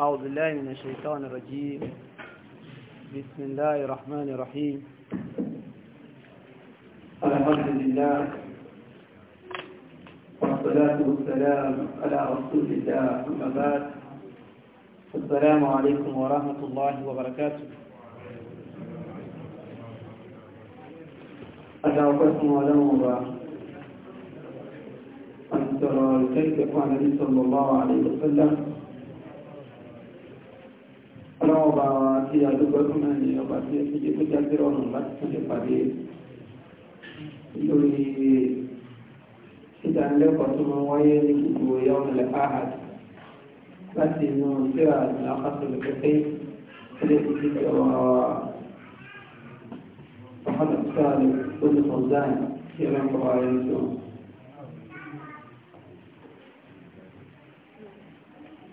أعوذ بالله من الشيطان الرجيم بسم الله الرحمن الرحيم الحمد لله والصلاة والسلام على رسول الله أما بعد السلام عليكم ورحمة الله وبركاته على ولو أن ترى الكيف عن النبي صلى الله عليه وسلم ọlọ́wọ́ bá wa kí àdúgbò fún náà ní ọba tí ó jẹ́ tó jáde ọ̀run láti tún lè pàdé lórí ìdánilẹ́kọ̀ọ́ tó máa wáyé ní gbogbo yawm al-ahad láti inú síra àkàtọ̀ lẹ́kẹ́kẹ́ ilé títí tí ọ̀rọ̀ ọ̀hánà sáà lè tó lè mọ̀ dáa kí ẹ̀rọ ń bọ̀ wáyé nítorí.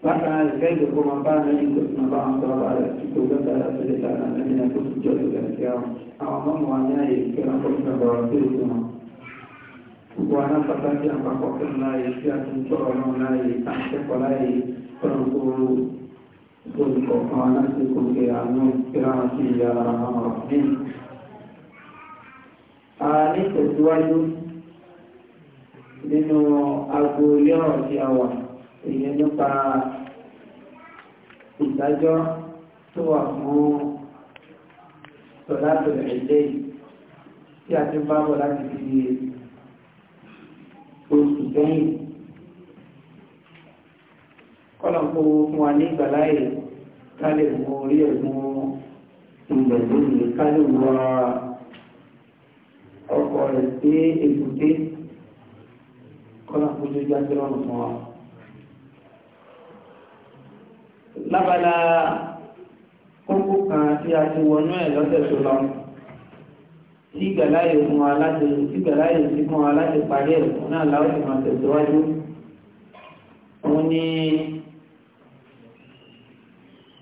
Bákan rẹ̀ kẹ́lẹ̀ kó máa bá àwọn ẹni tó máa bá àwọn tó bá rẹ̀ tí kò gbẹ́ta láti lè tàbí àwọn ẹni tó ti jọ ìgbà sí àwọn àwọn ọmọ wa ní àyè kí wọ́n kọ́ sí ọ̀rọ̀ tó lè tó wọn. Gbogbo wa náà pàtàkì àpapọ̀ fún láàyè tí a ti ń tọ́ ọ̀rọ̀ láàyè à ń kẹ́kọ̀ọ́ láàyè tọ́nù kó olùkọ́ àwọn aláṣẹ kò kẹ́ àánú kíláwọn sí ìyá àwọn ọ̀rọ̀ Àní tẹ̀síwájú nínú agbo ilé ọ̀rọ̀ tí a wà ìyẹn nípa ìdájọ́ tó wà fún sọ̀lá tó ẹ̀jẹ̀ yìí tí a ti bá bọ̀ láti fi oṣù sẹ́yìn kọ́lọ̀ kó fún wa ní ìgbàláyè ká lè mú orí ẹ̀ mú ilẹ̀ lónìí ká lè ọkọ̀ rẹ̀ sí èkúté kọ́lọ̀ kó jẹ́ jáde lọ́rùn fún wa. lábala kókó kan tí a ti wọnú ẹ̀ lọ́sẹ̀ tó lọ tí gbàláyè fún wa láti tí gbàláyè sí fún wa láti parí ẹ̀kọ́ náà láwọn ìmọ̀ tẹ̀síwájú òun ni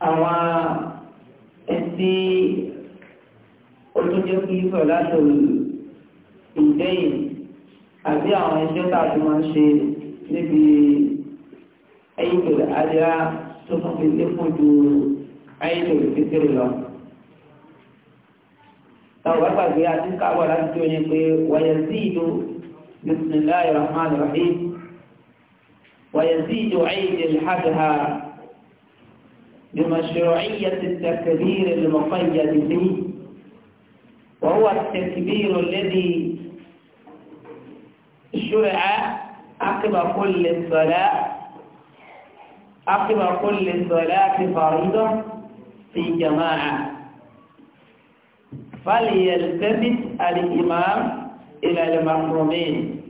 àwọn ẹtí olóúnjẹ kí sọ láti ìdẹ́yìn àbí àwọn ẹjọ́ tá a ti máa ń ṣe níbi ẹ̀yìn pẹ̀lú adìrá tó tún fi lékún ju ayélujára ìfẹsẹ̀rẹ̀ lọ. táwọn bá gbàgbé àti káwọ́ láti tó yẹn pé wàyà sí ìlú bisimilayi rahman rahim wàyà sí ìlú ayélujára ìhàdùhà بمشروعية التكبير المقيد به وهو التكبير الذي شرع عقب كل صلاة عقب كل صلاة فريضة في جماعة فليلتفت الإمام إلى المحرومين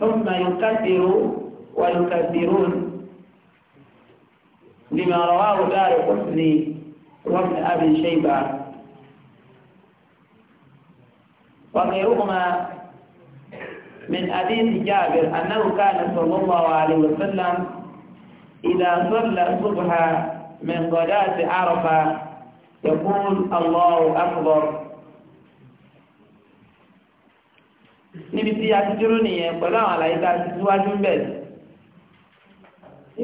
ثم يكبر ويكبرون لما رواه دار حسن وابن أبي شيبة وغيرهما من حديث جابر أنه كان صلى الله عليه وسلم إذا صلى الصبح من غداة عرفة يقول الله أكبر níbi tí a ti dúró nìyẹn pẹ̀lú àwọn àlàyé tá a ti síwájú ń bẹ̀.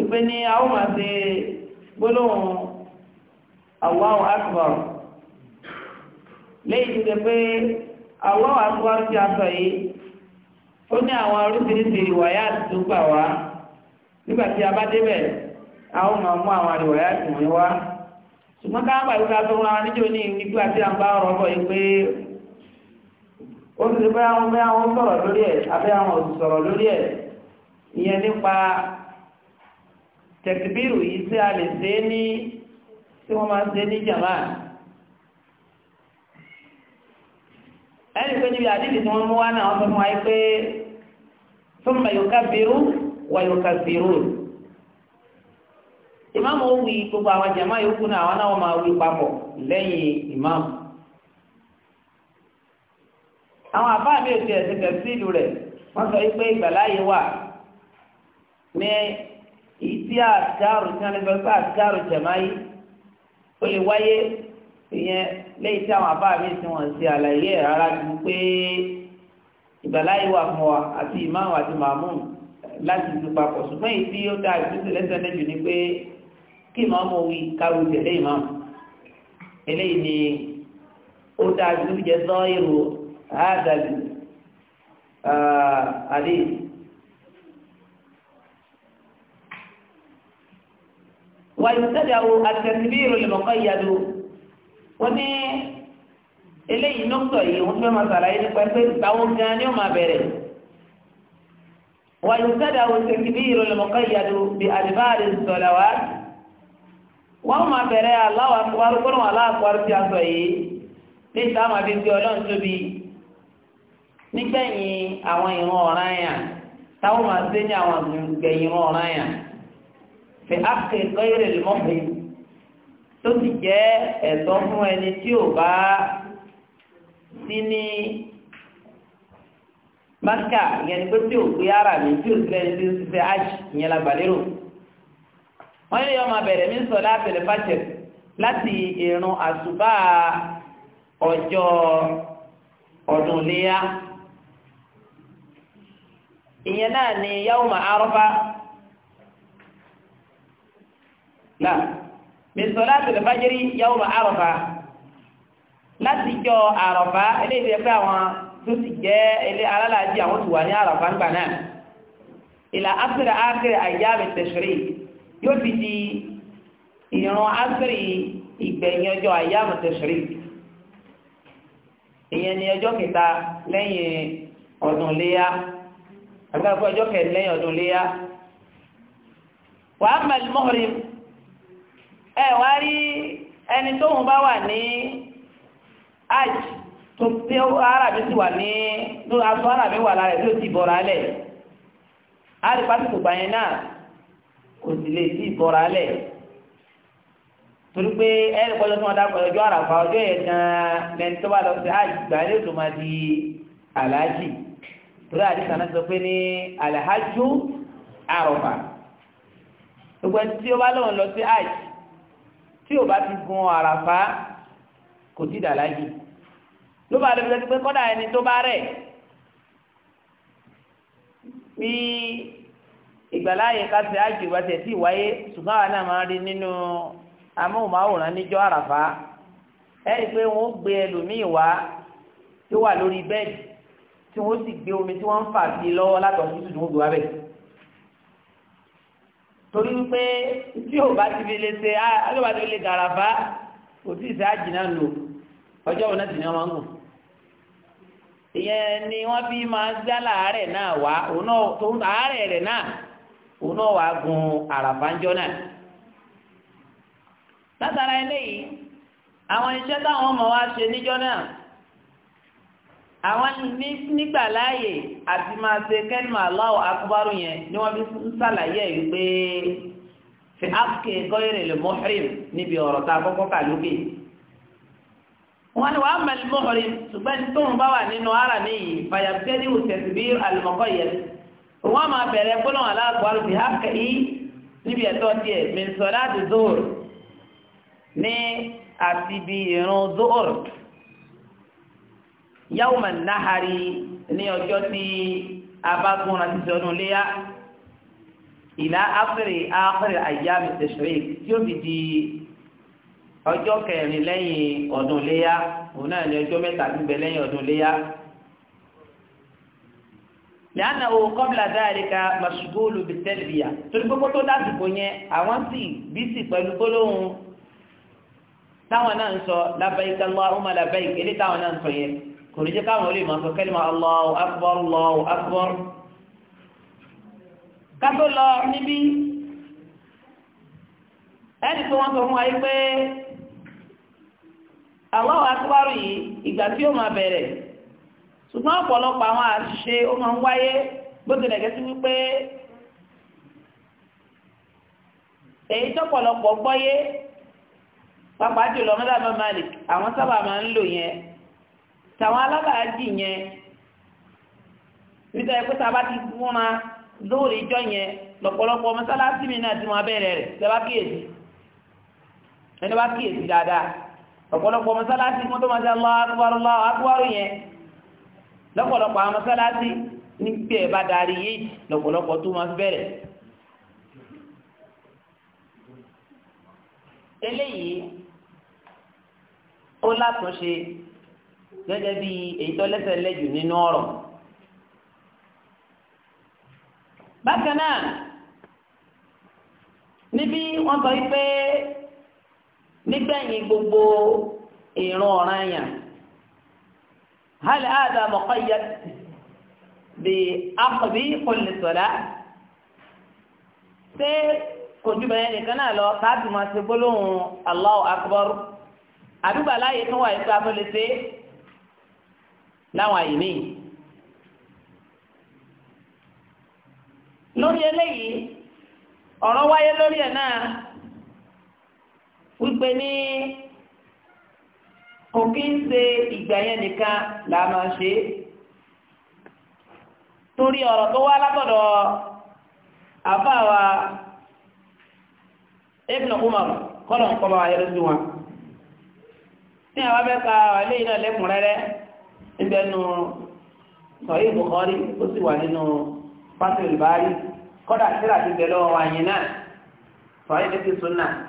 ìpè ní a máa ṣe gbólóhùn Allahu Akbar léyìí ti pé ti a sọ yìí ó ní àwọn oríṣiríṣi ìwàyà tó gbà wá. n'igba tí a bá débẹ̀ a ó máa mú àwọn àdìwọ̀ yá tì wọ́n wá ṣùgbọ́n ká pàdé ká tó níjó ní nígbà tí a ń bá ọ̀rọ̀ bọ̀ yìí pé ó ti bẹ́ àwọn bẹ́ àwọn sọ̀rọ̀ lórí ẹ̀ abẹ́ àwọn òṣìṣọ̀rọ̀ lórí ẹ̀ ìyẹn nípa tẹ̀kìbírù yìí tí a lè ṣe ní tí wọ́n máa wayukafirun ìmáàmù ó wí gbogbo àwọn jàmáà yòókù náà àwọn náà máa wí papọ̀ lẹ́yìn ìmáàmù àwọn àbá mi ò tiẹ̀ ti kẹ̀sí ìlú rẹ̀ wọ́n sọ pé ìgbàláyé wà ní ìdí àdárò tí wọ́n lè fẹ́ àdárò jẹ̀máyé ó lè wáyé ìyẹn lẹ́yìn tí àwọn àbá mi wọ́n ṣe àlàyé rárá ju pé ìgbàláyé wà fún wa àti ìmáàmù àti màmúù láti tún papọ̀ ṣùgbọ́n èyí tí ó dá ìdúgbò lẹ́sẹ̀ lẹ́jù ni pé kí ìmọ̀ọ́mọ̀ wí káwí tẹ̀lé ìmọ̀ọ́mù eléyìí ni ó dá ìdúgbò jẹ́ sọ èrò àádàlù àdé. wàyí sẹ́dá o àtẹ̀síbí ìròlẹ̀ mọ̀kọ́ ìyàdó wọ́n ní eléyìí nọ́kítọ̀ yìí wọ́n fẹ́ máa ṣàlàyé nípa pé ìgbà wo gan ni ó máa bẹ̀rẹ̀. ويبتدأ التكبير المقيد بأدبار الصلوات wọ́n máa bẹ̀rẹ̀ Allahu Akbar kúrò Allahu Akbar tí a sọ yìí ní ìsáàmà bíi ti ọlọ́run tóbi nígbẹ̀yìn àwọn ìran ọ̀ràn yàn táwọn máa ṣe ní àwọn ìgbẹ̀yìn ìran ọ̀ràn yàn fi ápè kọ́yèrè lọ́fẹ̀ tó ti jẹ́ ẹ̀tọ́ fún ẹni tí ò bá sí ní mákà ìyẹn ni pé tí ò gbé ara mi tí ò sílẹ̀ tí ó ti fẹ́ ájì ìyẹn la gbàlérò wọ́n yóò máa bẹ̀rẹ̀ mí sọ látẹ̀lẹ̀ fàjẹ̀ láti ìrun àsùbá ọjọ́ ọdún léyà ìyẹn náà ni yawma arfa là mí sọ látẹ̀lẹ̀ fàjẹ̀ yawma arfa láti jọ àrọ̀fá eléyìí fẹ́ àwọn tó sì jẹ́ ilé alálàájì àwọn ti wà ní àràfà ńgbà náà ìlà áfírí áfírí àyàmì tẹ̀sírì yóò fi di ìran áfírí ìgbẹ̀yìn ọjọ́ àyàmì tẹ̀sírì ìyẹn ni ọjọ́ kẹta lẹ́yìn ọdún léyà àgbàgbé ọjọ́ kẹta lẹ́yìn ọdún léyà wàá mẹ́lì mọ́rin ẹ̀ wá rí ẹni tóun bá wà ní ájì tó tí arábí ti wà ní ló aṣọ arábí wà lára ẹ̀ tó ti bọ̀rọ̀ alẹ̀ àrípa tí kò gbà yẹn náà kò sì lè ti bọ̀rọ̀ alẹ̀ torí pé ẹ̀rí pọ́jọ́ tí wọ́n dákọ̀ ọjọ́ àràfà ọjọ́ yẹn gan-an lẹ́ni tó bá lọ sí àgbà yóò tó máa di aláàjì torí àdìsá náà sọ pé ní alahajju àràfà gbogbo ẹni tí ó bá lọ́wọ́ lọ sí àjì tí ò bá ti gun àràfà kò tí dàlájì ló bá lóbi lọ́dún pé kọ́dà ẹni tó bá rẹ̀ bí ìgbàláyè kásẹ̀ àjò bá tẹ̀ sí ìwáyé ṣùgbọ́n àwọn náà máa rí nínú amóhùnmáwòrán níjọ́ àràfá ẹni pé wọ́n gbé ẹlòmíì wá tó wà lórí bẹ́ẹ̀dì tí wọ́n sì gbé omi tí wọ́n ń fà sí lọ́wọ́ látọ̀ sí tuntun wọ́n gbé wá bẹ́ẹ̀ torí wípé tí ò bá ti fi lè ṣe á ló bá ti fi lè gàràfá kò tí ì sẹ́ àjìnà lò ọjọ́ òun náà sì ni wọ́n ń gùn. ìyẹn ni wọ́n fi máa gbé náà wá òun náà ń àárẹ̀ rẹ̀ náà òun náà gun náà. látara àwọn iṣẹ́ táwọn ọmọ wa ṣe níjọ́ náà àwọn nígbà láàyè àti máa ṣe kẹ́lìmọ̀ láwọ̀ akbar yẹn ni wọ́n fi ń ṣàlàyé ẹ̀ fi áfíkè gọ́yẹ̀rẹ̀ lè níbi ọ̀rọ̀ wọ́n ni wàá mẹ́lì mọ́kànlí ṣùgbọ́n tó ń bá wà nínú ara ní yìí fàyàbẹ́lì òtẹ̀sìbí àlùmọ́kọ́ yẹn wọ́n máa bẹ̀rẹ̀ gbólóhùn aláàbọ̀rù bí hákẹ́ yìí níbi ẹ̀tọ́ tiẹ̀ mẹ́sọ̀lá di zohor ní àti bí irun zohor yawma nahari ní ọjọ́ tí a bá gún ra títí léyà ìlà áfírí áfírí àyà mẹ́tẹ̀ṣẹ̀rẹ̀ tí ó fi di ọjọ́ kẹrin lẹ́yìn ọdún léyà òun náà ní ọjọ́ mẹ́ta tó bẹ lẹ́yìn ọdún léyà. lẹ́yìn àwọn kọ́bìlà dáadéka masugolo bitẹ́lìbìyà torí gbogbo tó lásìkò yẹn àwọn sì bísí pẹ̀lú gbólóhùn táwọn náà ń sọ labbaik Allahumma labbaik èlé táwọn náà ń sọ yẹn kò ní jẹ́ káwọn olè máa sọ kẹ́lìmọ̀ Allahu akbar Allahu akbar. kátó lọ níbí ẹni tó wọ́n sọ fún wa yìí pé Allahu akbar yìí ìgbà tí ó máa bẹ̀rẹ̀ ṣùgbọ́n ọ̀pọ̀lọpọ̀ àwọn àṣìṣe ó máa ń wáyé bó wípé èyí tọ́pọ̀lọpọ̀ gbọ́yé pàpà jùlọ mọ́lábà malik àwọn sábà máa ń lò yẹn tàwọn alábàájì yẹn sábà ti lóòrè ìjọ yẹn mọ́sálásí mi náà ti wọn abẹ́rẹ́ rẹ̀ kíyèsí ẹni kíyèsí dáadáa. ọ̀pọ̀lọpọ̀ mọ́sálásí mọ́ tó máa ṣe Allahu Akbar Allahu Akbar yẹn lọ́pọ̀lọpọ̀ àwọn mọ́sálásí ní bí ẹ̀ bá darí yìí lọ́pọ̀lọpọ̀ tó máa bẹ̀rẹ̀ eléyìí ó látúnṣe gẹ́gẹ́ bí èyí tó lẹ́sẹ̀ lẹ́jù nínú ọ̀rọ̀ bákan náà níbi wọ́n sọ wípé nígbẹ̀yìn gbogbo ìrun ọ̀ràn yàn hali ada mọ̀kọ́yà bí akọ̀bí kulli sọ̀lá ṣé kojú bẹ́ẹ̀ nìkan náà lọ káàdì máa ṣe gbólóhùn Allahu akbar àdúgbò aláyè tó wà ìfẹ́ abọ́lẹ́sẹ̀ láwọn àyè míì. lórí eléyìí ọ̀rọ̀ wáyé lórí ẹ̀ náà wípé ní kò kí ń ṣe ìgbà yẹn nìkan là máa ṣe torí ọ̀rọ̀ tó wá látọ̀dọ̀ àfáàwà Ibn Umar kọ́lọ̀ ń wa yẹrẹ sí wọn ní àwọn abẹ́ ka ilé iná lẹ́kùnrẹ́rẹ́ níbẹ̀ nù sọ̀yìn Bukhari ó sì wà nínú Fathul Bari kọ́dà síra ti bẹ̀ lọ́wọ́ wa yìí náà sọ̀yìn ní ti sunna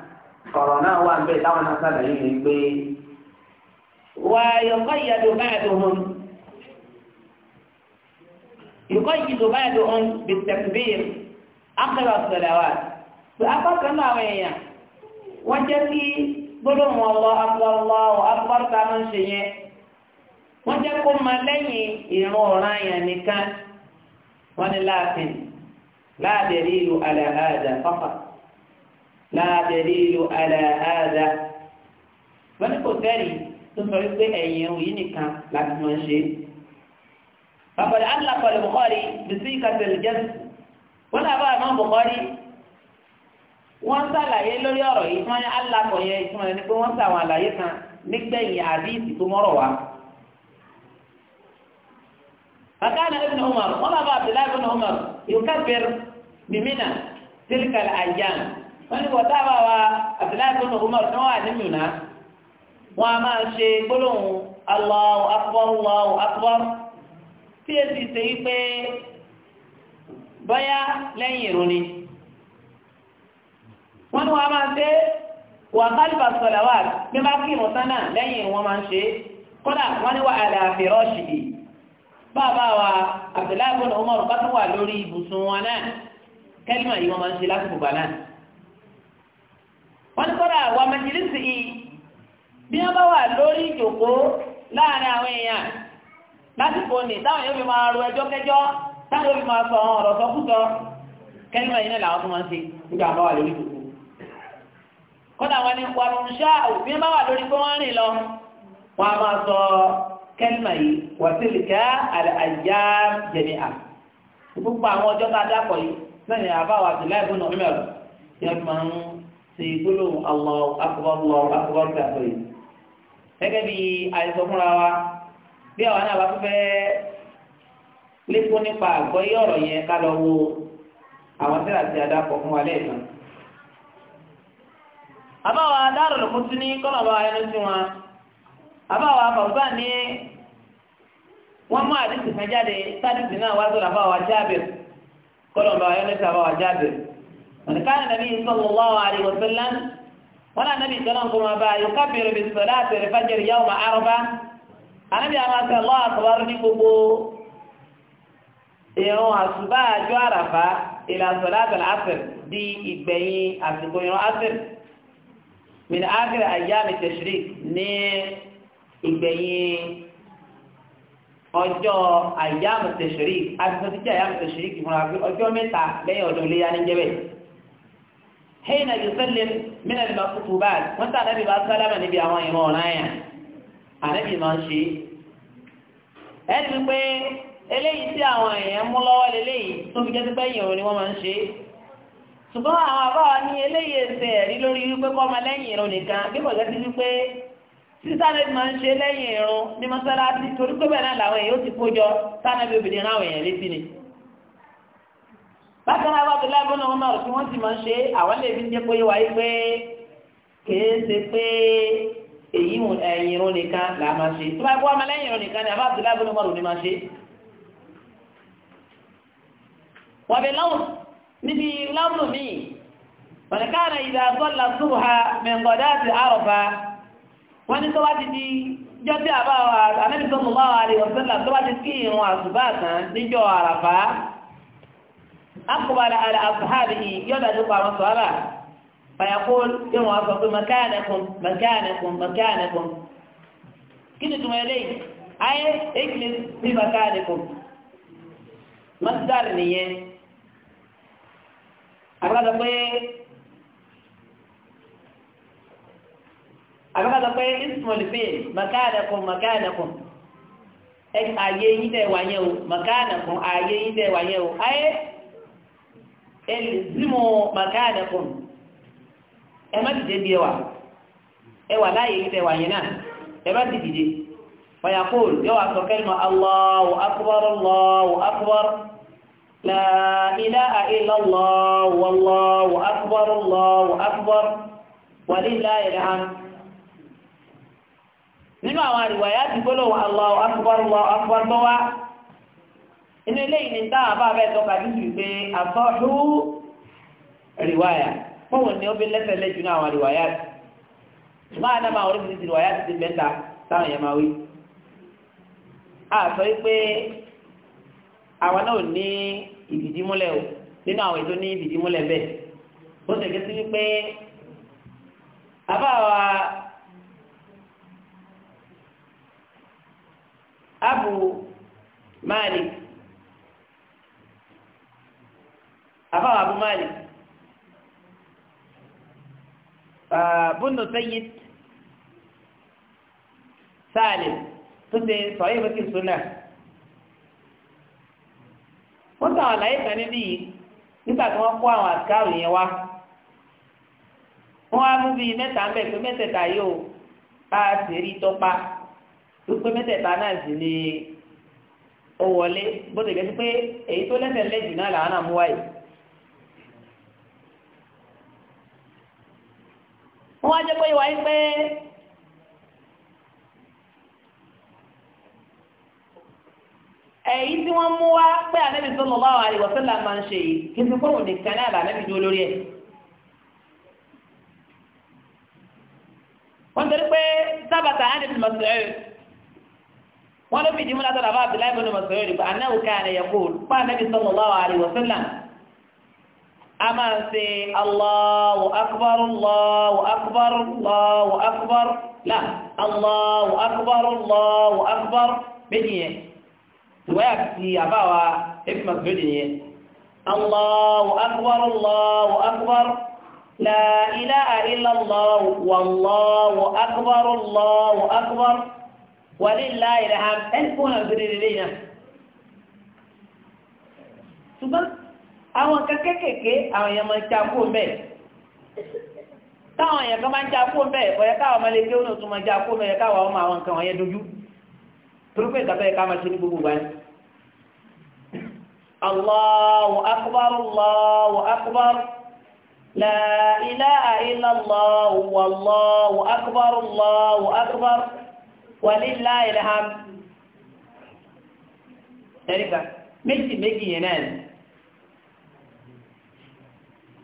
ọ̀rọ̀ náà wà níbẹ̀ táwọn náà sàlàyé ni pé wà yọ̀kọ́ ìyàdó báyà tó hàn yọ̀kọ́ ìyàdó báyà tó hàn bí tẹ̀síbíyì akẹ́rọ̀ sọ̀rọ̀ wa pé apákan náà àwọn èèyàn wọ́n jẹ́ kí gbọ́dọ̀ wọn lọ akọ́lọ́ akọ́ta máa ń ṣe yẹn wọ́n jẹ́ kó máa lẹ́yìn ìrún ọ̀ràn yẹn nìkan wọ́n ní láàfin láàdẹ̀rí ìlú àlàáda fáfà láàdẹ̀lẹ́lò aláàdá wọ́n ní kò sẹ́rì tó sọ wípé ẹ̀yìn òyìn nìkan láti mọ̀ ṣe فقد علق البخاري بصيغة الجزم ولا بقى ما بخاري wọ́n ṣàlàyé lórí ọ̀rọ̀ yìí tí wọ́n ní alákọ̀ yẹn ìtumọ̀ ẹni pé wọ́n ṣàwọn àlàyé kan nígbẹ̀yìn àdíìsì tó mọ́rọ̀ wá. bàkánà ibn umar wọn bàbá abdullahi ibn umar yóò kẹfìr bìmínà tilkal ajan wọ́n ní wọ́tá bá wa àtìláyà tó nà Umar tí wọ́n wà ní mìíràn wọ́n a máa ṣe gbólóhùn Allahu akbar Allahu akbar tí e sì ṣe pé bọ́yá lẹ́yìn ìrun ni wọ́n ní wọ́n a máa ṣe wà kálífà sọ̀lá wà bí bá kí ìrun sánà lẹ́yìn ìrun wọ́n máa ṣe kódà wọ́n ní wà àlàáfẹ́ rọ́ọ̀ṣì yìí bàbá wa Abdullahi bin Umar bá wà lórí ibùsùn wọn náà kẹ́límà wọ́n ní kọ́ra àwọn amẹ́jìlísì yìí bí wọ́n bá wà lórí ìjòkó láàrin àwọn èèyàn lásìkò ní táwọn yóò fi máa ro ẹjọ́ kẹjọ́ táwọn yóò fi máa sọ ọ̀rọ̀ sọkúsọ kẹ́lìmọ̀ yìí náà làwọn tó máa ń ṣe nígbà bá wà lórí ìjòkó wọn ni lórí pé a máa sọ kẹ́lìmọ̀ yìí wàtílìkà àjà jẹ̀míà gbogbo àwọn ọjọ́ tá a dápọ̀ yìí náà ni àbáwọ̀ àtìláìbùn náà mẹ́rù yẹn máa ń ṣe gbólóhùn Allahu akbar Allahu akbar kàtó yìí. gẹ́gẹ́ bí àìsàn fúnra wa bí àwọn náà bá tún fẹ́ lékún nípa àgbọ́yé ọ̀rọ̀ yẹn ká lọ wo àwọn tí àti adapọ̀ fún wa lẹ́ẹ̀kan. àbáwa dárò lòkùn tún ní kọ́nà bá ẹnu sí wọn àbáwa bàbá ní wọ́n mú àdìsí kan jáde sádìsí náà wá sọ̀rọ̀ àbáwa jábìr kọ́nà bá ẹnu sí àbáwa jábìr. ونكان النبي صلى الله عليه وسلم ولا النبي صلى الله عليه وسلم يكبر بالصلاة الفجر يوم أربع النبي أما الله أكبر نكبو ìrun àsùbá àjọ àràfá ìlà sọ̀láàtà àṣìr di ìgbẹ̀yìn àsìkò ìrun àṣìr min akhir ayyam tashrik ní ìgbẹ̀yìn ọjọ́ ayyam tashrik àti sọ́tíjà ayyam tashrik fúnra ọjọ́ mẹ́ta lẹ́yìn ọdún léyà ní jẹ́bẹ̀ẹ́ حين يسلم من ìbá kútù báyìí wọ́n tà ànábì bá sálámà níbi àwọn ìran ọ̀rá yẹn ànábì máa ń ṣe ẹni wípé eléyìí tí àwọn èèyàn mú lọ́wọ́ lélẹ́yìí tó fi jẹ́ pé ìrun ni wọ́n máa ń ṣe ṣùgbọ́n àwọn àbáwá ní eléyìí ẹsẹ̀ rí lórí wípé kọ́ ọmọ lẹ́yìn ìrun nìkan bí kò gẹ́sí wípé sísáré máa ń ṣe lẹ́yìn ìrun ní mọ́sálásí torí pé bẹ́ẹ̀ náà làwọn èèyàn ó ti kó jọ obìnrin ráwọn èèyàn létí ni bákan náà wàá bẹ̀rẹ̀ lọ́nà wọn náà tí wọ́n sì máa ń ṣe àwọn lè fi ń jẹ́ pé wáyé pé kìí ṣe pé èyí ẹ̀yìn eh, irun nìkan là máa ṣe tó bá gbọ́ ọmọ lẹ́yìn irun nìkan ni àbá àbúlá bọ́nà wọn ní máa ṣe. wọ́n bẹ lọ́wọ́ níbi lọ́wọ́ míì wọ́n ní káàrà ìdá sọ́là súbùhà mẹ́ngọ̀dá àti àrọ̀fà wọ́n ní tó bá ti di jọ́sí àbá ànábìsọ́mù bá wà أقبل على أصحابه يبدأ قام صلاة فيقول يوم أصحابه مكانكم مكانكم مكانكم كنتم إليه أي اجلس في مكانكم مصدر نية أبغى àbákàtà pé ismol fail makánakùn مكانكم مكانكم، yídẹ̀ أيه o makánakùn مكانكم أيه wáyé o ayé ẹlẹ́sìmọ̀ màkàdàkùn ẹ má dìde bí ẹwà ẹwà láyé ìfẹ́ wà yẹn náà ẹ má ti dìde fayakul yóò wá sọ kẹ́lìmọ̀ Allahu akbar Allahu akbar la ilaha illallah wallahu akbar Allahu akbar wa lillahil hamd nínú àwọn àríwáyá ti gbọ́lọ̀ Allahu akbar Allahu akbar bọ́wá inú ilé yìí ni táwọn àbá bẹ́ẹ̀ tọ́ka jù sí pé àtọ́jú rìwáyà fóun ni ó fi lẹ́sẹ̀ lẹ́jù náà àwọn rìwáyà máa náà máa oríṣiríṣi rìwáyà ti mẹ́ta táwọn yẹn máa wí. àtọ́ yìí pé àwọn náà ní ìdìdímúlẹ̀ o nínú àwọn ètò ní ìdìdímúlẹ̀ bẹ́ẹ̀ ó sì ké sí wípé àbá wa abu malik. àfáwọn Abu Malik bùnú Sayyid Salim tó ṣe sọ̀rọ̀ ìbùkún súnà wọ́n sọ àwọn àlàyé kan níbí yìí nígbà tí wọ́n kó àwọn àtikáàrù yẹn wá wọ́n á mú bíi mẹ́ta ń bẹ̀ pé mẹ́tẹ̀ẹ̀ta yóò bá a sì rí tọ́pa pípé mẹ́tẹ̀ẹ̀ta náà sì ni ó wọlé bó ti gẹ́sí pé èyí tó lẹ́sẹ̀ lẹ́jù náà làwọn náà mú wáyé. wọ́n á jẹ́ pé ìwà yìí pé èyí tí wọ́n mú wá pé ànábì sallallahu alaihi wasallam máa ń ṣe yìí kí n fi kóhùn nìkan náà là ànábì dúró lórí ẹ̀. wọ́n tẹ́lẹ̀ pé sábàtà ánìbì Mas'ud wọ́n ló fi ìdí múlá sọ̀rọ̀ àbá Abdullahi bin rẹ̀ pé anáwó ká àná yẹ kó pa ànábì sallallahu alaihi wasallam أمسي الله أكبر الله أكبر الله أكبر لا الله أكبر الله أكبر بدي وأكسي أبوا اسم بدي الله أكبر الله أكبر لا إله إلا الله والله أكبر الله أكبر ولله الحمد أنكم أبرر لينا سبحان àwọn kan kéékèèké àwọn èèyàn máa ń já kó mẹ́ẹ̀ táwọn èèyàn kan máa ń já kó mẹ́ẹ̀ ọ̀yẹ́ káwọn ọmọ ilé-ẹgbẹ́ ònà tún máa já kó mẹ́ẹ̀ káwọn ọmọ àwọn nǹkan wọ̀nyẹn dojú torí pé ká máa ṣe ní gbogbo wáyé. Allahu akbar Allahu akbar la ilaha illallah akbar Allahu akbar walillahil hamd. ẹ̀ríkà méjì méjì yẹn náà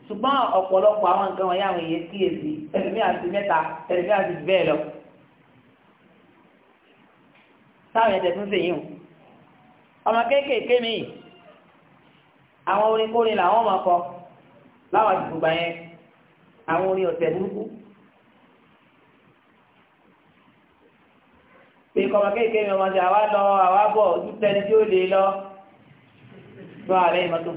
ṣùgbọ́n ọ̀pọ̀lọpọ̀ àwọn nǹkan wọ̀nyí àwọn èèyàn kíyèsí ẹlòmí àti mẹ́ta ẹlòmí àti bẹ́ẹ̀ lọ táwọn ẹ̀tẹ̀ tún sèyí o ọmọ kéékèèké mi àwọn orin kórin làwọn ọmọ kọ láwọn àdìgbò gbà yẹn àwọn orin ọ̀tẹ̀ burúkú pé kọ́mọ kéékèèké mi ọmọ sí àwa lọ àwa bọ̀ ojú tẹni tí ó lè lọ lọ àárẹ̀ ìmọ̀tò.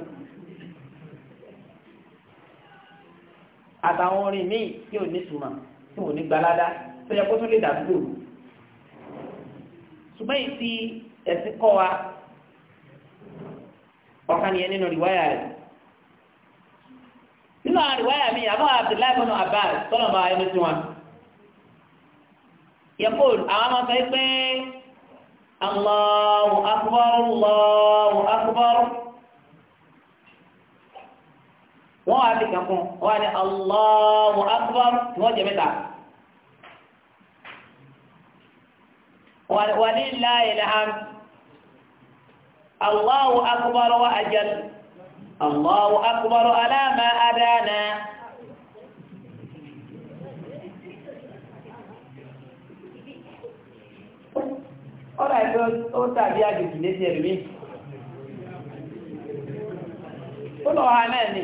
àtàwọn orin míì tí ò ní túmọ̀ tí ò ní gbalada tó yẹ kó tún lè dàdúgbò ṣùgbọ́n yìí ti ẹ̀sìn kọ́ wa ọ̀kan yẹn nínú rìwáyà rẹ̀ nínú àwọn rìwáyà mi àbá Abdullahi bọ́nà Abbas tọ́nà bá ẹni tí wọn yẹ àwọn máa sọ pé Allahu akbar Allahu akbar wọ́n wá bìkan fún wọ́n wá ní Allahu Akbar tí wọ́n jẹ mẹ́ta wà ní láàyè lẹ́hàn Allahu Akbar wa ajal Allahu Akbar ala adana. ọ̀rọ̀ ẹ̀fẹ́ ó tàbí àgbègbè létí ẹ̀rù mi. ó lọ́wọ́ ha náà ni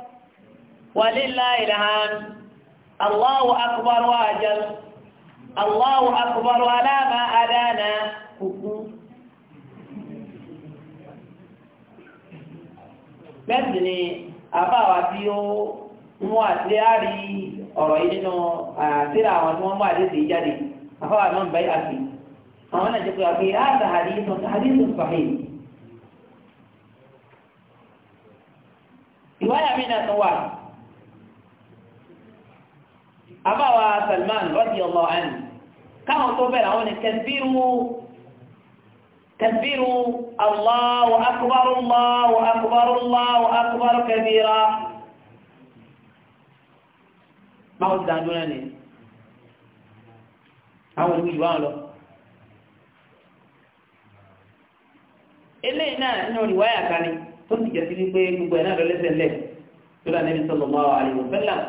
ولله الحمد الله أكبر وأجل الله أكبر ولا ما أدانا bẹ́ẹ̀sì ni àbáwá tí ó mú àti àárí ọ̀rọ̀ yìí nínú àtìrà àwọn tí wọ́n mú àdéhùn yìí jáde àbáwá náà ń bẹ́ẹ̀ àbáwa Salman radiyallahu anhu kama tó bẹ̀rẹ̀ àwọn ni kẹfìrú kẹfìrú Allahu akbar Allahu akbar Allahu akbar kabira báwọn ti dájú náà ni àwọn olùkú ìwà lọ eléyìí náà nínú ìwáyà kan ni tó ti jẹ́ sí pe gbogbo ẹ̀ na lọ lẹ́sẹ̀ lẹ̀ tó la níbi sallallahu alaihi wa sallam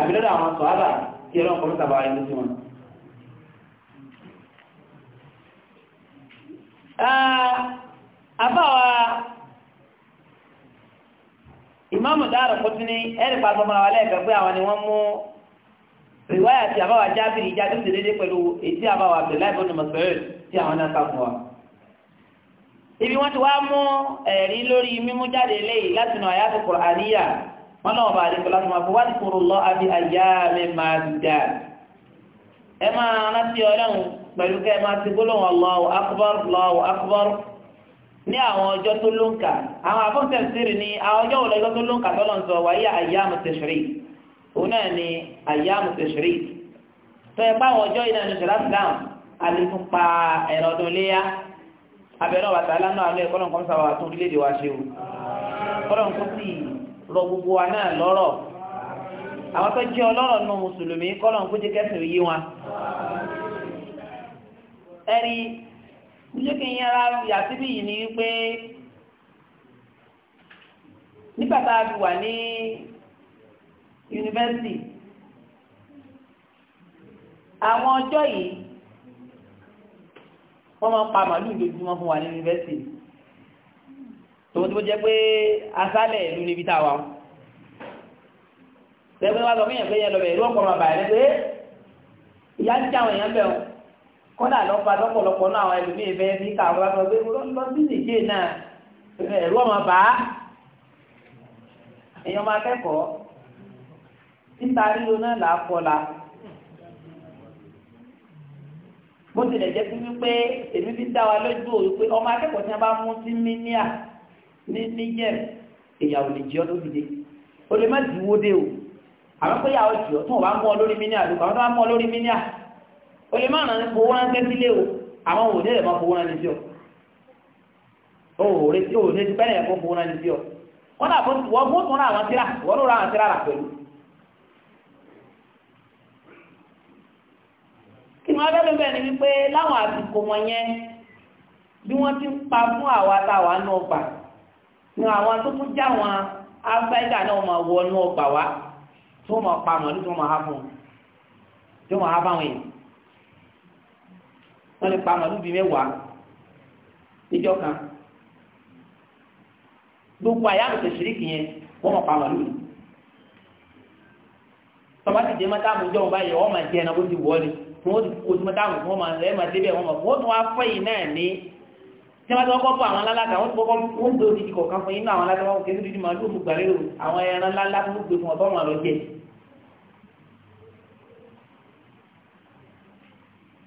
àbí lọ́dọ̀ àwọn sọ̀hálà tí ẹlọ́n kọ́ mẹ́ta bá ẹni sí wọn. àbáwa ìmáàmù dáàrù kútú ní ẹ̀rì pàtó mọ́ra wa lẹ́ẹ̀kẹ́ pé àwọn ni wọ́n mú rìwáyà tí àbáwa jábìrì jáde ń tẹ̀lé pẹ̀lú ètí àbáwa abdullahi bọ́ọ̀nù mọ̀sẹ̀rẹ̀ tí àwọn náà kà fún wa ibi wọ́n ti wá mú ẹ̀rí lórí mímú jáde léyìí látinú àyàtò kùránìyà wọ́n náà bá àdínkù láti máa fún wá dìkùrù lọ àbí àyà mi máa dìdà ẹ máa rántí ọlọ́run pẹ̀lú kẹ́ ẹ máa ti gbólóhùn Allahu akbar Allahu akbar ní àwọn ọjọ́ tó ló ń kà àwọn àfọ́nsẹ̀ sírì ní àwọn ọjọ́ òun lọ́jọ́ tó ló ń kà tọ́lọ̀ ń sọ wáyé àyà mu tẹ̀sírì òun náà ni àyà mu tẹ̀sírì tó ẹ báwọn ọjọ́ yìí náà ní ṣẹlá sílámù àlékún pa ẹ̀rọ ọdún léyà rọ gbogbo wa náà lọ́rọ̀ àwọn tó jẹ́ ọlọ́rọ̀ nù mùsùlùmí kọ́lọ̀ ń kó jẹ́ kẹsàn-án yé wọn. ẹ̀rí ojú kí n yára yàtí bí yìí ni wípé nígbà tá a fi wà ní yunifásitì àwọn ọjọ́ yìí wọ́n máa ń pa màálù lójúmọ́ fún wa ní yunifásitì tòun tí mo jẹ́ pé asálẹ̀ ìlú níbi tá a wà tẹ́gbẹ́ wá lọ fún yẹn pé yẹn lọ bẹ̀ ìlú ọ̀pọ̀lọpọ̀ àbàyẹ̀ pé ìyá ń jáwọn èèyàn bẹ̀ wọn kọ́nà lọ fa lọ́pọ̀lọpọ̀ náà àwọn ẹlòmíì fẹ́ bí káwọn bá sọ pé lọ sí nìjé náà ẹ̀rú ọmọ bá èèyàn máa kẹ́kọ̀ọ́ títa ríro náà là á kọ́ la bó tilẹ̀ jẹ́ pé wípé èmi fi dá wa lójú òru pé ọmọ akẹ́kọ̀ọ́ tí wọ́n bá mú sí mí níà ní níjẹ́ ìyàwó lè jẹ́ ọdún dìde o lè má dìwó dé o àwọn pé ìyàwó jù ọ tó wà mọ́ lórí míníà lókọ̀ àwọn tó wà mọ́ lórí míníà o lè má ràn fowó ránṣẹ́ sílé o àwọn ò ní lè má fowó ránṣẹ́ sí ọ o ò retí o ò ní ti pẹ́ lẹ́yìn fún fowó ránṣẹ́ sí ọ wọ́n náà wọ́n mú tún àwọn tíra wọ́n ló ra àwọn tíra rà pẹ̀lú kí ni wọ́n fẹ́ ló bẹ̀ ni wípé láwọn àsìkò wọn yẹn bí wọ́n ti ń pa fún àwa táwa náà pàṣẹ ní àwọn tó tún já wọn áfíríkà náà máa wọ inú ọgbà wá tó máa pa màálù tó máa há fún un tó máa há fáwọn èèyàn wọ́n lè pa màálù bíi mẹ́wàá níjọ́ kan gbogbo àyàwó tẹ̀síríkì yẹn wọ́n máa pa màálù yìí tọba ti dé mọ́tàmù jọ ọba yẹ wọ́n máa jẹ́ ẹ̀nà bó ti wọ́ ni wọ́n ti kó mọ́tàmù fún wọn máa lẹ́ẹ̀ máa débẹ̀ wọ́n máa fún wọn tún wá fẹ́yìn náà ní tí wọ́n ti kọ́kọ́ bọ́ àwọn alága wọ́n ti kọ́kọ́ wọ́n gbé odidi kọ̀ọ̀kan fún inú àwọn alága wọn kò kéde màálù òfin gbà lérò àwọn ẹran ńláńlá fún gbé fún ọ̀tọ́ wọn lọ jẹ.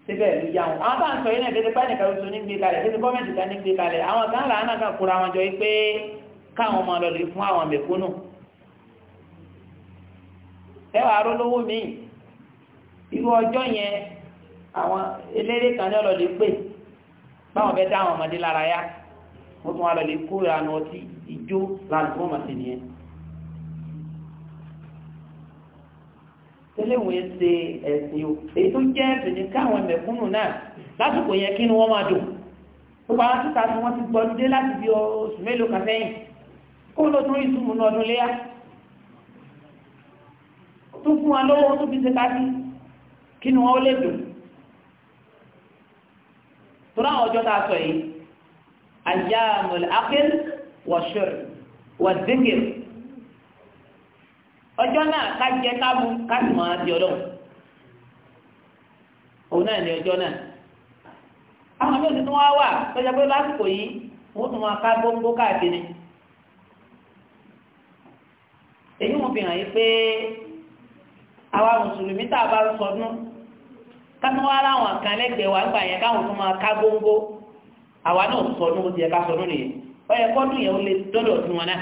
síbẹ̀ ló yá wọn àwọn táwọn sọ yìí náà kéde pẹ́ẹ́nì kan tó ní gbé kalẹ̀ kéde gọ́ọ̀mẹ̀ntì kan ní gbé kalẹ̀ àwọn kan là ánà kan kóra wọn jọ pé káwọn máa lọ fún àwọn mẹ̀kúnnù. ẹ wàá rólówó irú ọjọ́ yẹn àwọn eléré kan ní ọlọ́dẹ pè báwọn fẹ́ dáwọn ọmọdé lára yá wọ́n tún wá lọ lè kó ìranú ọtí ìjó lálùkọ́ ọmọ sí nìyẹn tẹ́lẹ̀ wọ́n ṣe ẹ̀sìn o èyí tó jẹ́ ẹ̀sìn ní káwọn mẹ̀kúnnù náà lásìkò yẹn kí ni wọ́n máa dùn gbogbo àwọn títa tí wọ́n ti gbọ́ dé láti bí oṣù mélòó kan sẹ́yìn kó ló tún ìtumù ní ọdún léyà tó fún wa lọ́wọ́ tó fi ṣe ká sí kí ni wọ́n lè dùn tó láwọn ọjọ́ tá a sọ yìí ayyamul akil wa shurb wa dhikr ọjọ́ náà ká jẹ ká mu ká sì máa di ọlọ́run òun náà ní ọjọ́ náà àwọn ọjọ́ tuntun wá wà tọ́jà pé lásìkò yìí wọ́n tún máa ká gbóngbó káàkiri èyí mo fi hàn yí pé àwa mùsùlùmí tá a bá sọdún kátó wá láwọn kan lẹ́gbẹ̀ẹ́ wa gbà yẹn káwọn tó máa ká góńgó àwa náà sọ ní oṣù yẹn ká sọ lónìí ó yẹ kọ́dún yẹn ó lè dọ́dọ̀ sí wọn náà.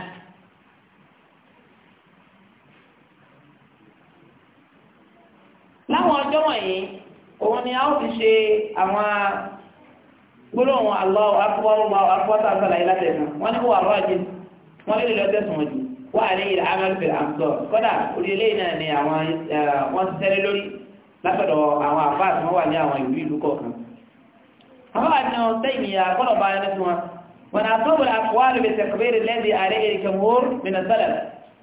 láwọn ọjọ́ wọ̀nyí òun ni a ó fi ṣe àwọn gbólóhùn Allahu akbar Allahu akbar tá a sọ̀rọ̀ yìí látẹ̀sán wọ́n ní kó wà lọ́ọ̀jì wọ́n lè lọ́ọ́ tẹ̀sán jù wọ́n àlẹ́ yìí amẹ́lùfẹ́ àmsọ̀ kọ́dà orílẹ̀-èdè náà ni àwọn eh, wọ́n ti tẹ́lẹ̀ lórí látọ̀dọ̀ àwọn àfáà tí wọ́n wà ní àwọn ìlú ìlú kọ̀ọ̀kan àwọn àdínà tẹ́yìnìyà kọ́lọ̀bá ẹni tí wọn wọn àtọ́bù àkọwàlù bẹ̀ tẹ̀kọ̀bẹ̀rẹ̀ lẹ́dí ààrẹ èrìkẹ̀ mọ́r mìnàsálẹ̀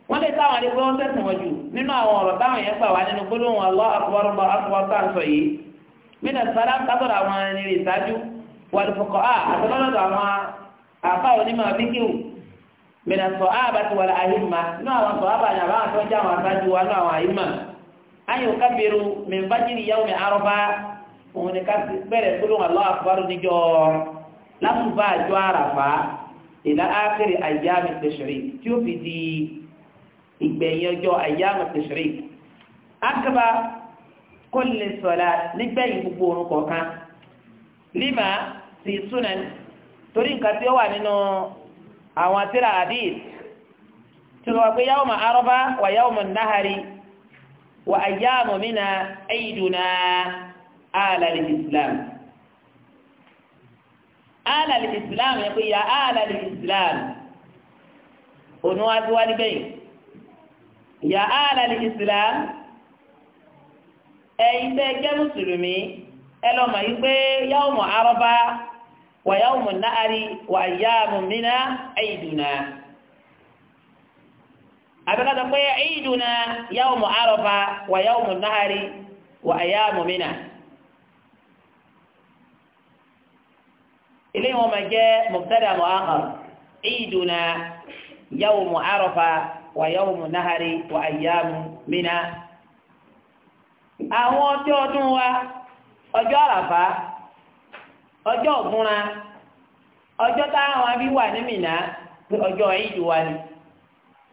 wọ́n lè táwọn àdínkù wọn tẹ̀sán wọn jù nínú àwọn ayò kábìrú mẹ́fàjìrì yàwó mi àrọ́bá òun ni ká bẹ̀rẹ̀ gbólóhùn Allahu akbar níjọ́ látúbà àjọ àràfà ìlà ákéré àyàmì tẹ̀sírì tí ó fi di ìgbẹ̀yìn ọjọ́ àyàmì tẹ̀sírì. akaba kulli salat nígbẹ̀yìn gbogbo orun kọ̀ọ̀kan lima ti sunan torí nǹkan tí ó wà nínú àwọn tíra àdìs tí wọ́n gbé yàwó mi àrọ́bá wà yàwó mi wà ayyamu mina aiduna alal islam alal islam yẹ pé ya alal islam ònú adúwá níbẹ̀ yìí ya alal islam ẹ̀yin tẹ́ jẹ́ mùsùlùmí ẹ lọ yìí pé yawmu arọ́bá wà yawmu nahari wà ayyamu mina aiduna. abẹ́kátà pé ìdùnà yawmu Arafa wà yawmu nahari wà ayyamu Mina ilé wọn máa jẹ́ mubtada mu'akhkhar ìdùnà yawmu Arafa wà yawmu nahari wà ayyamu Mina àwọn ọjọ́ ọdún wa ọjọ́ àràfà ọjọ́ ògúnra ọjọ́ táwọn abí wà ní Mina ọjọ́ ìdù ni.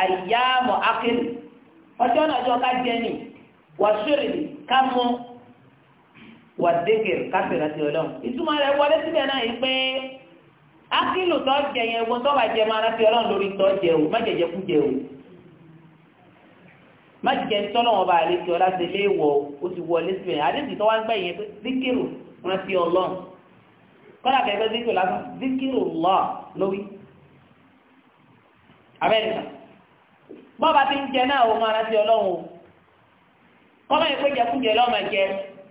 àyàmọ̀ akérè ọjọ́ náà jọ ká jẹ ní wàṣírì ká mú wàdégèrè káfíìnà ti ọlọ́run ìtumọ̀ rẹ̀ wọlé síbẹ̀ náà yìí pé akílù tó jẹ yẹn wo tó bá jẹ máa rántí ọlọ́run lórí tó jẹ o má jẹjẹ kú jẹ o má jẹ tọ́lọ̀ wọn bá lè ti ọlá ti lé wọ o ti wọlé síbẹ̀ àdéhùn tó wá ń gbà yẹn pé díkìrù rántí ọlọ́run kọ́lá kẹ́kẹ́ díkìrù lásán díkìrù lọ́ọ̀ lówí abẹ́rẹ́ náà bọ́ bá ti ń jẹ náà o máa rántí ọlọ́run o kọ́mọ ìpè jẹkújẹ lọ́ọ́ máa jẹ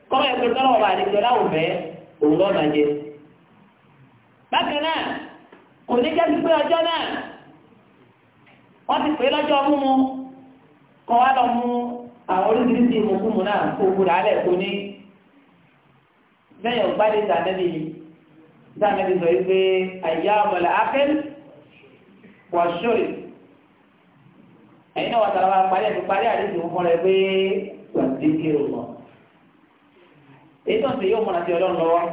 kọ́mọ ìpè tọ́lọ́wọ́ bá àlejò láwùn bẹ́ẹ̀ òun lọ́ọ́ máa jẹ. bákan náà kò ní jẹ́ pípé ọjọ́ náà wọ́n ti pè é lọ́jọ́ múmu kọ́ wá lọ mú àwọn oríṣiríṣi ìmọ̀kúmu náà kó gbúra alẹ́ kó ní bẹ́ẹ̀ ọ̀gbádé sànẹ́bí sànẹ́bí sọ wípé àyà ọ̀mọ̀lá akẹ́lù wàṣọ́rì ẹ̀yin náà wà tàbí wàá parí ẹ̀sìn parí àdéhùn fún rẹ pé wàdíkì ò mọ̀ èyí tó ń sè yóò múra sí ọlọ́run lọ́wọ́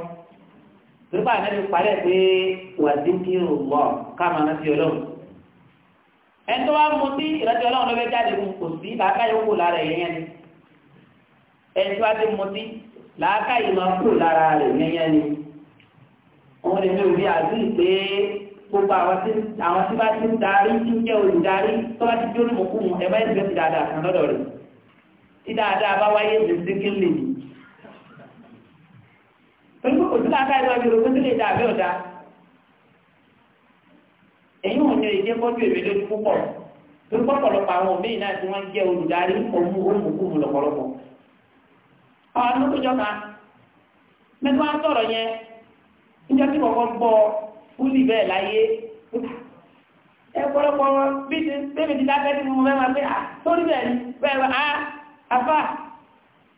nígbà náà ti parí ẹ̀ pé wàdíkì ò mọ̀ káàmà náà sí ọlọ́run ẹni tó wá mú sí ìrántí ọlọ́run lọ́wọ́ jáde fún kò sí làákà yóò kó lára ẹ̀yẹ yẹn ni ẹni tó wá ti mú sí làákà yìí máa kó lára rẹ̀ yẹn yẹn ni wọ́n lè mú ìwé àdúgbò pé gbogbo àwọn tí bá ti ń darí tí ń jẹ́ olùdarí tó bá ti dúró mọ̀kú mu ẹ̀ bá yẹn ti fi dáadáa kan lọ́dọ̀ rẹ̀ tí dáadáa bá wáyé ìdíkí lè ní. pẹ̀lú kò sí láàká ìwà ìrò pé sílẹ̀ dàbí ọ̀dà èyí ò ní èdè kọjú èrè lórí púpọ̀ torí pọ̀pọ̀lọpọ̀ àwọn òmíì náà tí wọ́n jẹ́ olùdarí òmu òmùkú mu lọ́pọ̀lọpọ̀ àwọn tó jọ kúlì bẹ́ẹ̀ láyé ẹ̀pọ̀lọpọ̀ wọn bí ti bébì ti dákẹ́ tí mo mẹ́wàá pé àtórí ah, bẹ́ẹ̀ ni bẹ́ẹ̀ bá ah, àfà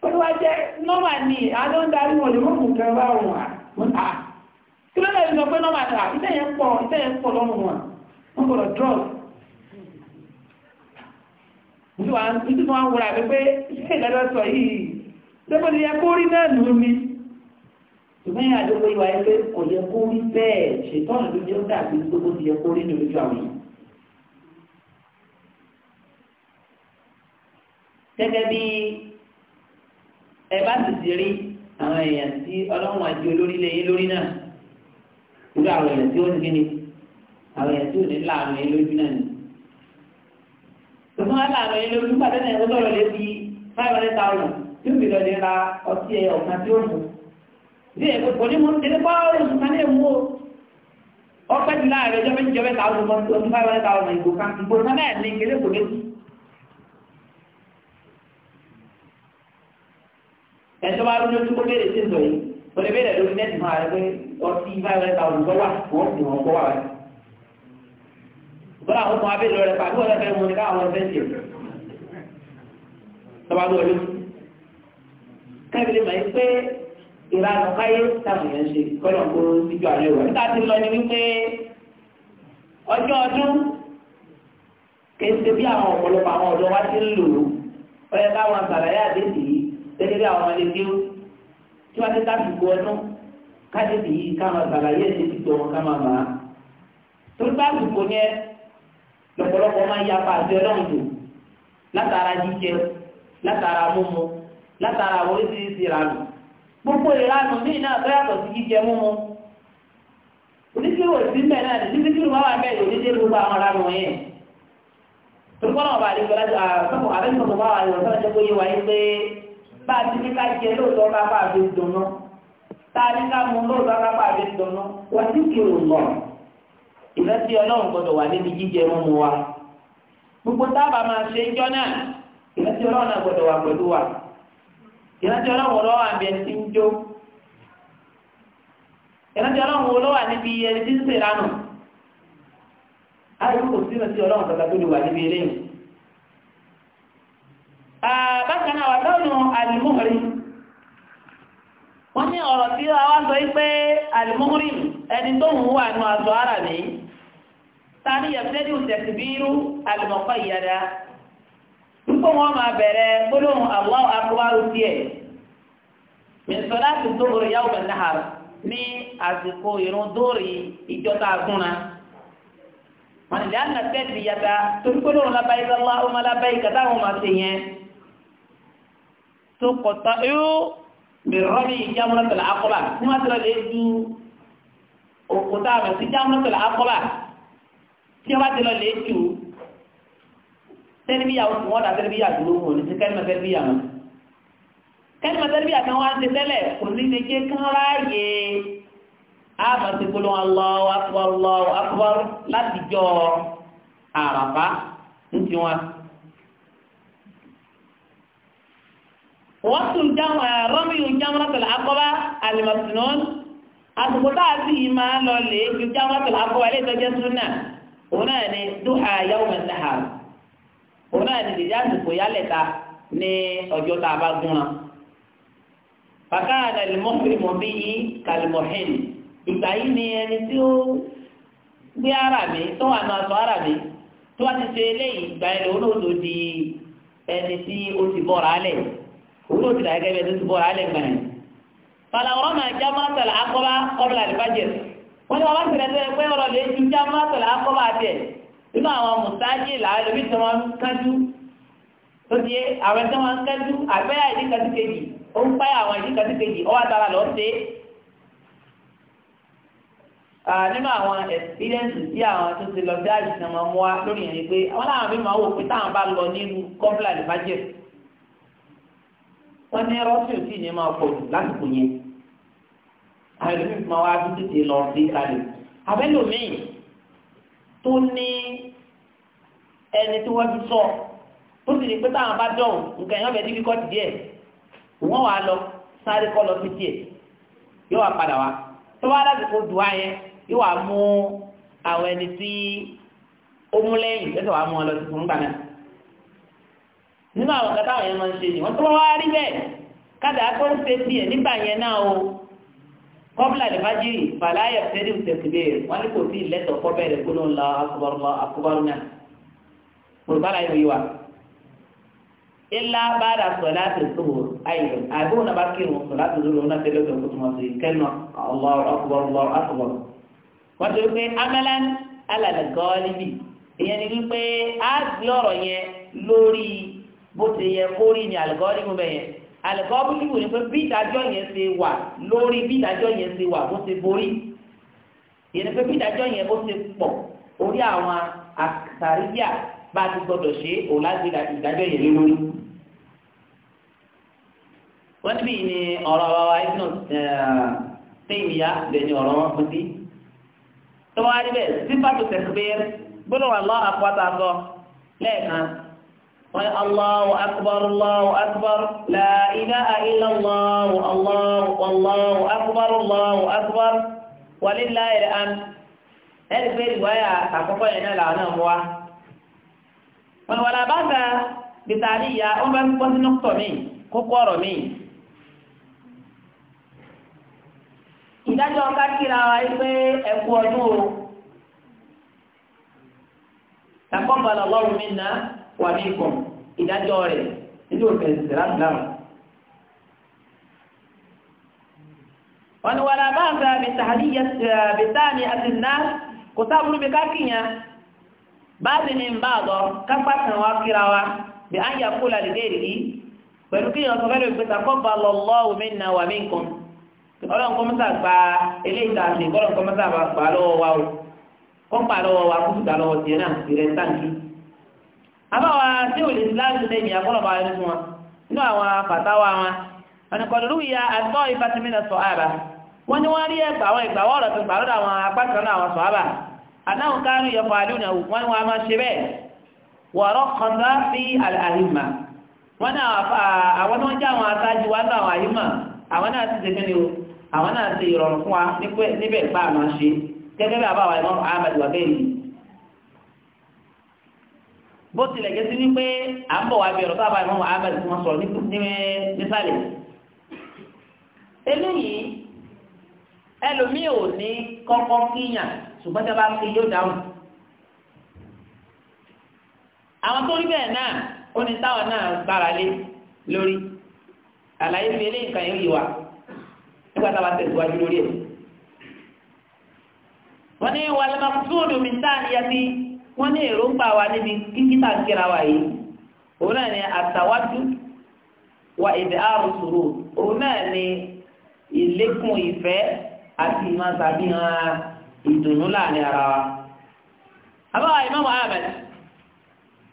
olúwa jẹ́ nọ́mà ni àádọ́ ń darí wọn lè mọ́ kùn kẹrẹ bá wọn wọn ah, à kí ló lẹ́yìn lọ pé nọ́mà ta iṣẹ́ yẹn pọ̀ iṣẹ́ yẹn pọ̀ lọ́rùn wọn wọn gbọ́dọ̀ drug nítorí wọn wúra pé iṣẹ́ ìdájọ́ sọ yìí lẹ́gbẹ̀ẹ́ yẹ kó rí náà nù ṣùgbọ́n ìyá àdókò ìwà ẹgbẹ́ kò yẹ kó rí bẹ́ẹ̀ ṣètọ́nù ló jẹ́ ó dàbí gbogbo ti yẹ kó rí lójú àwọn yìí. gẹ́gẹ́ bí ẹ bá sì ti rí àwọn èèyàn tí ọlọ́run àti olórí lè yín lórí náà irú àwọn èèyàn tí ó ní kíni àwọn èèyàn tí ò ní láàánú yín lójú náà ni. tòmọ́ láàánú yín lójú pàtẹ́ náà sọ̀rọ̀ lé bí five hundred thousand tí ó fi lọ lè ra ọtí ẹ̀ ọ̀kan tí ó mú ní ẹgbẹ́ kò ní mú ní bá ọ̀rọ̀ ìsúná ní èmú o ọpẹ́ ti láàrin ọjọ́ méjì jọba ìtàwọn ọmọ tó ń bá wọn ìtàwọn ọmọ ìgbò kan ìgbò kan náà ní kéré kò méjì. ẹjọ́ bá lójú tó béèrè sí ìsọ yìí kò lè béèrè lórí nẹ́ẹ̀tì máa rẹ pé ọtí bá wọn ìtàwọn ọmọ wà wọ́n fi wọn kọ́ wà rẹ. bọ́lá àwọn ọmọ abẹ́rẹ́ rẹ pàdé ọ̀rẹ́ fẹ́ mu ní káwọn ọ̀rẹ́ fẹ́ tiẹ̀. tọ́ ìlànà káyé táwọn èèyàn ṣe kọ́nà kó síjú àlẹ́ wọ̀. níta ti lọ ní wípé ọjọ́ ọdún kéṣe bí àwọn ọ̀pọ̀lọpọ̀ àwọn ọ̀dọ́ wa ti ń lò ó ọyẹ káwọn àgbàláyà àdéhùn yìí tẹ́lẹ̀ bí àwọn ọmọdé dé ó tí wọ́n ti tásìkò ọdún kájèdè yìí káwọn àgbàláyà ẹ̀ṣẹ̀ ti tọ̀ wọn káwọn àmà. torí tásìkò yẹn lọ́pọ̀lọpọ̀ máa ń ya apá àti ọlọ́run jù látara jíjẹ látara múmu látara oríṣiríṣi ìrànlọ́ gbogbo ìranù míì náà tó yàtọ̀ sí jíjẹ múmu oníṣòwò ìsínbẹ̀ náà ní títí kí ló máa wà bẹ́ẹ̀ yóò dídé gbogbo àwọn ìranù yẹn tukpɔnɔ ba ale gbala sɔkò ale sɔkò ba wa yɔrɔ sɔkò ko ye wa ye pé ba ti ní ká jẹ lóòótọ́ ká bá a fi dùnú ta ní ká mu lóòótọ́ ká bá a fi dùnú wa ti kiri lọ ìrẹsì ọlọ́run gbọdọ̀ wà níbi jíjẹ mímu wa gbogbo sábà máa ṣe ìjọ náà ìrẹsì ọlọ́run náà gbọdọ̀ wà pẹ̀lú wa ìrántí ọlọ́run lọ́wọ́ àbí ẹni tí ń jó ìrántí ọlọ́run lọ́wọ́ níbi ẹni tí ń sè lánà àìkú kò sí ìrántí ọlọ́run kankan tó lè wà níbi eléyìí. bákan náà wà lọ́nu àlùmọ́rì wọ́n ní ọ̀rọ̀ tí a wá sọ pé àlùmọ́rì ẹni tó ń wà nù àzọ́ ara nìyí. tani yẹ fẹ́ẹ́ ní òtẹ̀síbírú àlùmọ́kọ́ ìyára kó wọn máa bẹ̀rẹ̀ gbólóhùn Allahu akbar tiẹ̀ mẹsọlá ti dóòrò yàwó bẹ náà ní àsìkò irun dóòrò ìjọta àgúnra wọn lè àná tẹ́sí yàtá torí gbólóhùn labbaika Allahumma labbaika táwọn máa ṣe yẹn tó kọ̀tà yóò bẹ̀rẹ̀ rọ́bì jamratul aqaba ní wọ́n lè du òkúta àmì sí jamratul aqaba tí wọ́n ti rọ̀ lè jù. تربية وموضع تربية جلوهون تكلمة تربية من كلمة تربية كنوان تتلق كنين جيكا رأي آفا تقولوا الله أكبر الله أكبر لا تجو عرفة انتوا وقت الجامعة رمي الجامعة العقبة المسنون أصبحت هذه ما لولي الجامعة العقبة لتجسرنا هنا دوحة يوم النهار òun náà ní dèjà àsìkò yálẹ̀ ní ọjọ́ tá a bá gúnra bàkà àdàlùmọ́fìrìmọ́ bí ìgbà yìí ni ẹni tí ó gbé ara tó wà náà sọ ara tó wá ti ṣe eléyìí ìgbà yẹn lòun di ẹni tí ó ti bọ́ra alẹ̀ òun lòdì láyé kẹ́kẹ́ tó ti bọ́ra alẹ̀ gbà yẹn. máa já akọ́bá nínú àwọn mùsáájì làwọn ẹbí tí wọ́n ń kájú tó ti yé àwọn tí wọ́n ń kájú àgbẹ̀yà ìdí kàtí kejì ó ń páyà àwọn ìdí kàtí kejì ó wà tara lọ sí nínú àwọn ẹ̀sìpírẹ́ǹsì tí àwọn tó ti lọ sí àjùsí wọn mú wa lórí yẹn ni pé àwọn làwọn mímọ wò pé táwọn bá lọ nílùú kọ́ńpìlà lè má jẹ wọn ní rọ́ọ̀sì ò tí ì ní máa pọ̀ jù lásìkò yẹn àwọn ìlú mi máa wá títí tó ní ẹni tí wọ́n ti sọ tó sì ní pé táwọn bá dọ̀hùn nǹkan ìyọ́bẹ̀ níbi kọ́ ti díẹ̀ wọ́n lọ sáré kọ́ lọ sí yóò wá padà wá tó wá láti kó dùn ayẹ yóò wá mú àwọn ẹni tí ó mú lẹ́yìn wá mú ọ lọ sí fún gbàmẹ́ nínú àwọn kẹta àwọn yẹn máa ń ṣe ni wọ́n tó wá rí bẹ́ẹ̀ tó ń ṣe nígbà yẹn náà o. kọ́bílà ìbájì fàlàyé tẹ́lẹ̀ tẹ̀síbẹ̀ wọ́n ní kò sí lẹ́tọ̀ kọ́bẹ̀rẹ̀ gbólóhùn la akọbọ̀rọ̀ akọbọ̀rọ̀ náà olùbára yóò yí wa. ilá bára sọ̀lá ti sòwò ayé àbúrò náà bá kírun sọ̀lá ti sòwò náà tẹ́lẹ̀ tó kótó wọn sí kẹ́nu Allahu akbar Allahu akbar. wọ́n ti rí pé amalan alàlẹ́ àlẹ́kọ́ búlúwò ní pé bí ìdájọ́ yẹn ṣe wà lórí bí ìdájọ́ yẹn ṣe wà bó ṣe borí ìyẹn pé bí ìdájọ́ yẹn bó ṣe pọ̀ orí àwọn àtàríyà bá ti gbọdọ̀ ṣe òun láti ìdájọ́ yẹn lé lórí. wọ́n níbí ni ọ̀rọ̀ wa wa ibùdó tẹ́yìmíyá lè ní ọ̀rọ̀ wọn fún sí. tọ́wọ́ adébẹ̀ sípàtò tẹ̀síbẹ́ẹ́rẹ́ gbọ́dọ̀ wà lọ́ àpótá sọ lẹ́ẹ̀kan wọ́n ní Allahu akbar Allahu akbar la ilaha illa Allahu Allahu Allahu akbar Allahu akbar walillahil hamd ẹni pé ìwáyà àkọ́kọ́ yẹn náà làwọn náà mú wa. wọ́n wọ́n lábá ta bìtàrí ìyá wọ́n bá ń pọ́ sí nọ́kítọ̀ mi kókó ọ̀rọ̀ mi. ìdájọ́ ká kíra wa yìí pé ẹ̀kú ọdún o. taqabbal Allahu minna wà ní ikọ̀ ìdájọ́ rẹ̀ níbi òfin ẹ̀sìn láti dáhùn. wọ́n ní wàlá bá àgbà bìtáàní àti náà kò sáàbùrú bí kákìyàn bá sì ní bá àgọ́ kápá kíra wa bí á yà kúlà lè déèrè yìí pẹ̀lú kíyàn sọ fẹ́lẹ̀ ìpèsè àkọ́bà lọ́lọ́wù minna wa minkum ọlọ́run kọ́mọ́sà gba eléyìí tààsì ọlọ́run kọ́mọ́sà gba lọ́wọ́ wa o kọ́pà lọ́wọ́ wa kúkúta lọ́wọ́ tiẹ̀ náà táǹkì àbáwa tí ò lè láti lè ní àkọ́lọ̀bà ẹni fún wọn inú àwọn fàtàwà wọn wọn kọ̀lùrú ìyá àtọ́ ìfàtímínà sọ̀hábà wọ́n ní wọ́n rí ẹgbà àwọn ìgbàwọ́ ọ̀rọ̀ tó gbàlọ́dọ̀ àwọn apákanú àwọn sọ̀hábà anáhùn kárù yọpọ̀ àlúnà wọ́n ni wọ́n máa ṣe bẹ́ẹ̀ wọ̀rọ̀ kọ̀dá sí àhìmà wọ́n ní àwọn tó ń já àwọn aṣáájú wa náà àwọn àhìmà àwọn náà ti ṣègbè ni o àwọn náà ti ìrọ̀rùn fún wa níbẹ̀ bá àmà ṣe gẹ́gẹ́ bí àbáwá ìmọ̀ àmàdùwà bẹ́ẹ̀ yìí bó tilẹ̀ jẹ́ sí wípé à ń bọ̀ wá bí ọ̀rọ̀ sábà ìmọ̀ ahmed tí wọ́n sọ nísàlẹ̀ eléyìí ẹlòmíì ò ní kọ́kọ́ kíyàn ṣùgbọ́n tí a bá ń fi yóò dáhùn àwọn tó rí bẹ́ẹ̀ náà ó ní táwọn náà gbára lé lórí àlàyé fi eléyìí kan yìí wá nígbà tá a bá tẹ̀síwájú lórí ẹ̀ wọ́n ní wàlẹ́mọ̀kútúùdù mi sáà níyàtí wọ́n ní èròǹgbà wa níbi kíkítà kíra wa yìí òun náà ni àtàwájú wa èdè àrùn sòrò òun náà ni ìlékún ìfẹ́ àti ìmọ̀sàbíhàn ìdùnnú láàrin ara wa. àbáwá ìmọ̀mọ̀ ahmed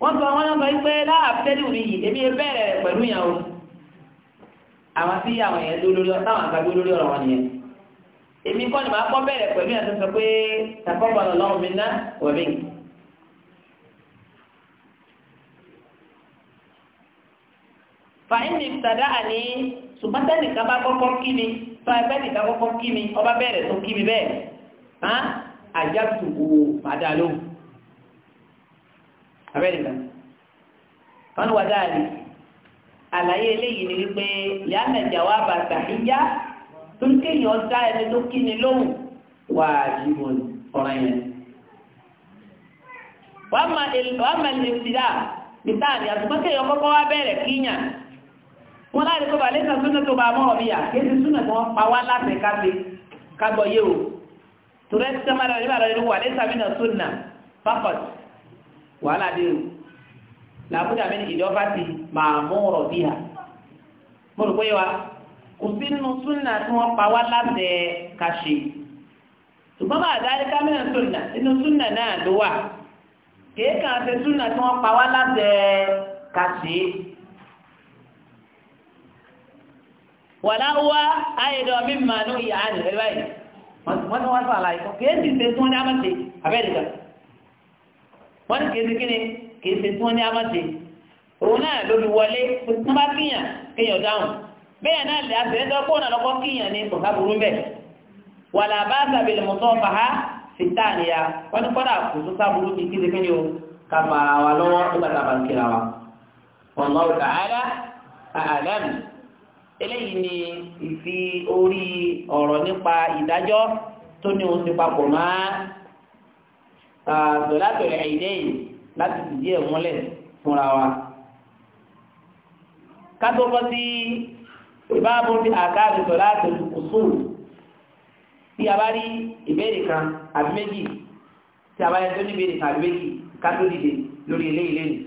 wọ́n sọ wọ́n sọ pé láàbùtẹ́lì òní yìí èmi bẹ̀rẹ̀ pẹ̀lú ìyàwó àwọn tí àwọn èèyàn dúró lórí táwọn àgbà dúró lórí ọ̀rọ̀ wọn nìyẹn èmi kọ́ ni màá kọ́ bẹ̀rẹ̀ pẹ̀lú ìyàtọ̀ sọ pé tàkọ́ bọ̀ lọ́wọ́ mi ná wọ̀ fàáyìnì ìtàdá àní ṣùgbọ́n tẹ́nìkan bá kọ́kọ́ kí mi fàáyìnì nìkan kọ́kọ́ kí mi ọba bẹ̀rẹ̀ tó kí mi bẹ́ẹ̀ hàn àjá tùkù padà lóhùn abẹ́nìkan wọn wà dáàlì àlàyé eléyìí ni wípé yàtọ̀ ìjàwá bàtà ìjà tó ń kéèyàn dá ẹni tó kí ni lóhùn wà á jí mọ́ ọ̀ràn yẹn wàá ma ìlú wàá ma ìlú ìsìlá ìtàlẹ̀ àtúgbọ́n kéèyàn wá bẹ̀rẹ̀ kíyàn wọ́n láti kọ́ bà lẹ́sà súnà tó bá mọ́ ọ̀bíyà kéèsì súnà tó wọ́n pa wá láti káfí kágbọ̀ yé o torí ẹ̀sì sẹ́mà lọ nígbà lọ́dún wà lẹ́sà mí nà súnà pápọ̀t wàhálà dé o làbúdà mi ní ìjọba ti máa mú ọ̀rọ̀ bí ha mo rò pé wa kò sí nínú súnà tí wọ́n pa wá láti kàṣe ṣùgbọ́n bá àdáyé kámẹ́rà súnà inú súnà náà ló wà kéèkà àti súnà tí wọ́n pa wá láti kàṣe wàlá wá ayédọ̀ mi mà ní ìyá àná ẹ̀rọ báyìí wọ́n ní wọ́n sọ àlàyé kan kì í sì ṣe tí wọ́n ní amáṣe abẹ́rẹ́dà wọ́n ní kì í ṣe kí ni kì í ṣe tí wọ́n ní amáṣe òun náà ló fi wọlé tó bá kíyàn kíyàn dáhùn bẹ́ẹ̀ náà lè àtẹ̀lẹ́dọ́ fóònù lọ́kọ́ kíyàn ní kò sábúrú ń wàlá bá sàbẹ̀lì mọ̀tọ́ fàá fìtá nìyà wọ́n ti kí eléyìí ni ìfi orí ọ̀rọ̀ nípa ìdájọ́ tó ní oṣù papọ̀ mọ́ àtọ̀látọ̀lẹ̀ ẹ̀dẹ́yìn láti fìdí ẹ̀ múlẹ̀ fúnra wa. kátó bọ́ sí ìbáàbò tí àkáàbì tọ̀látọ̀lù kùsù tí a bá rí ìbéèrè kan àbí méjì tí a bá yẹ tó ní ìbéèrè kan àbí méjì kátó dìde lórí eléyìí lẹ́nu.